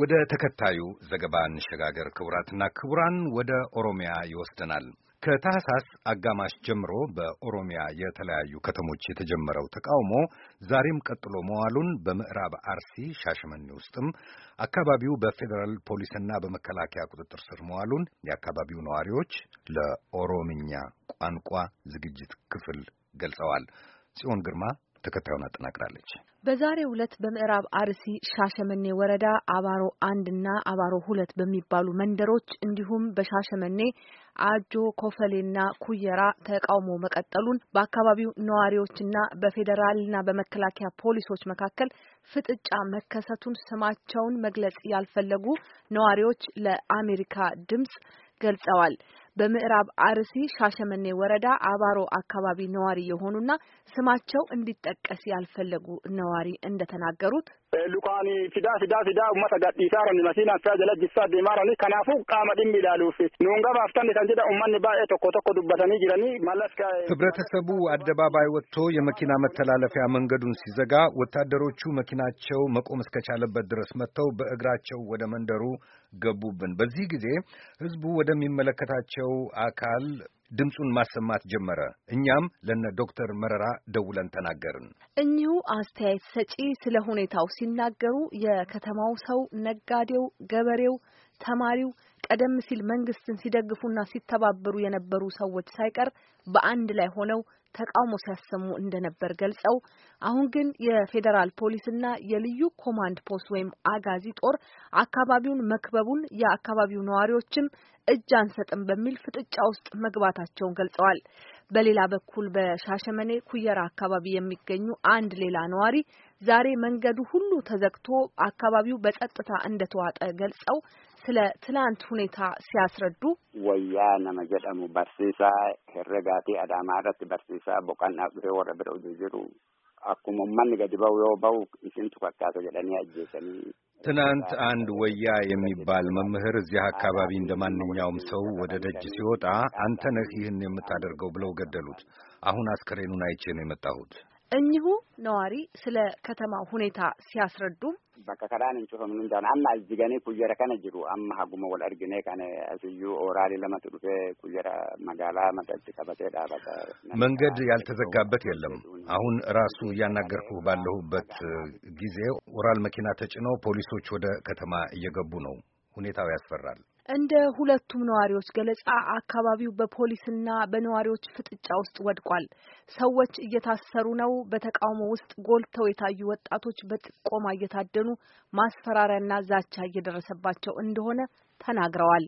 ወደ ተከታዩ ዘገባ እንሸጋገር። ክቡራትና ክቡራን፣ ወደ ኦሮሚያ ይወስደናል። ከታህሳስ አጋማሽ ጀምሮ በኦሮሚያ የተለያዩ ከተሞች የተጀመረው ተቃውሞ ዛሬም ቀጥሎ መዋሉን በምዕራብ አርሲ ሻሸመኔ ውስጥም አካባቢው በፌዴራል ፖሊስና በመከላከያ ቁጥጥር ስር መዋሉን የአካባቢው ነዋሪዎች ለኦሮምኛ ቋንቋ ዝግጅት ክፍል ገልጸዋል። ጽዮን ግርማ ተከታዩን አጠናቅራለች። በዛሬው ዕለት በምዕራብ አርሲ ሻሸመኔ ወረዳ አባሮ አንድ እና አባሮ ሁለት በሚባሉ መንደሮች እንዲሁም በሻሸመኔ አጆ ኮፈሌና ኩየራ ተቃውሞ መቀጠሉን በአካባቢው ነዋሪዎችና በፌዴራልና በመከላከያ ፖሊሶች መካከል ፍጥጫ መከሰቱን ስማቸውን መግለጽ ያልፈለጉ ነዋሪዎች ለአሜሪካ ድምጽ ገልጸዋል። በምዕራብ አርሲ ሻሸመኔ ወረዳ አባሮ አካባቢ ነዋሪ የሆኑና ስማቸው እንዲጠቀስ ያልፈለጉ ነዋሪ እንደተናገሩት ሉቃኒ ፊዳ ፊዳ ፊዳ ኡመተ ጋዲሳረ ኒመሲና ሳ ጀለ ጅሳ ዲማራኒ ከናፉ ቃመ ድም ይላሉፊ ኑንጋ ባፍተን ከንጀዳ ኡመን ባኤ ቶኮ ቶኮ ዱበተኒ ጅረኒ መለስ ህብረተሰቡ አደባባይ ወጥቶ የመኪና መተላለፊያ መንገዱን ሲዘጋ ወታደሮቹ መኪናቸው መቆም እስከቻለበት ድረስ መጥተው በእግራቸው ወደ መንደሩ ገቡብን። በዚህ ጊዜ ህዝቡ ወደሚመለከታቸው የሚመለከታቸው አካል ድምፁን ማሰማት ጀመረ። እኛም ለነ ዶክተር መረራ ደውለን ተናገርን። እኚሁ አስተያየት ሰጪ ስለ ሁኔታው ሲናገሩ የከተማው ሰው፣ ነጋዴው፣ ገበሬው፣ ተማሪው ቀደም ሲል መንግስትን ሲደግፉና ሲተባበሩ የነበሩ ሰዎች ሳይቀር በአንድ ላይ ሆነው ተቃውሞ ሲያሰሙ እንደነበር ገልጸው አሁን ግን የፌዴራል ፖሊስና የልዩ ኮማንድ ፖስት ወይም አጋዚ ጦር አካባቢውን መክበቡን የአካባቢው ነዋሪዎችም እጅ አንሰጥም በሚል ፍጥጫ ውስጥ መግባታቸውን ገልጸዋል። በሌላ በኩል በሻሸመኔ ኩየራ አካባቢ የሚገኙ አንድ ሌላ ነዋሪ ዛሬ መንገዱ ሁሉ ተዘግቶ አካባቢው በጸጥታ እንደተዋጠ ገልጸው ስለ ትላንት ሁኔታ ሲያስረዱ ወያነ መጀደሙ በርሲሳ ሄረጋቲ አዳማረት በርሲሳ ቦቃና ዱፌ ወረ ብረው ዝዝሩ አኩሞ ማን ገድበው የውበው እሽንቱ ከካቶ ጀለኒ አጀሰኒ ትናንት አንድ ወያ የሚባል መምህር እዚህ አካባቢ እንደ ማንኛውም ሰው ወደ ደጅ ሲወጣ አንተ ነህ ይህን የምታደርገው ብለው ገደሉት። አሁን አስከሬኑን አይቼ ነው የመጣሁት። እኚሁ ነዋሪ ስለ ከተማው ሁኔታ ሲያስረዱ በከከዳን እንጭሆ ምን እንዳን አና እጅገኔ ኩየረ ከነ ጅሩ አማ ሀጉመ ወል አርግኔ ከነ ስዩ ኦራሊ ለመት ዱፌ ኩየረ መጋላ መጠጭ ቀበቴ ዳበተ መንገድ ያልተዘጋበት የለም። አሁን ራሱ እያናገርኩ ባለሁበት ጊዜ ኦራል መኪና ተጭነው ፖሊሶች ወደ ከተማ እየገቡ ነው። ሁኔታው ያስፈራል። እንደ ሁለቱም ነዋሪዎች ገለጻ አካባቢው በፖሊስና በነዋሪዎች ፍጥጫ ውስጥ ወድቋል። ሰዎች እየታሰሩ ነው። በተቃውሞ ውስጥ ጎልተው የታዩ ወጣቶች በጥቆማ እየታደኑ ማስፈራሪያና ዛቻ እየደረሰባቸው እንደሆነ ተናግረዋል።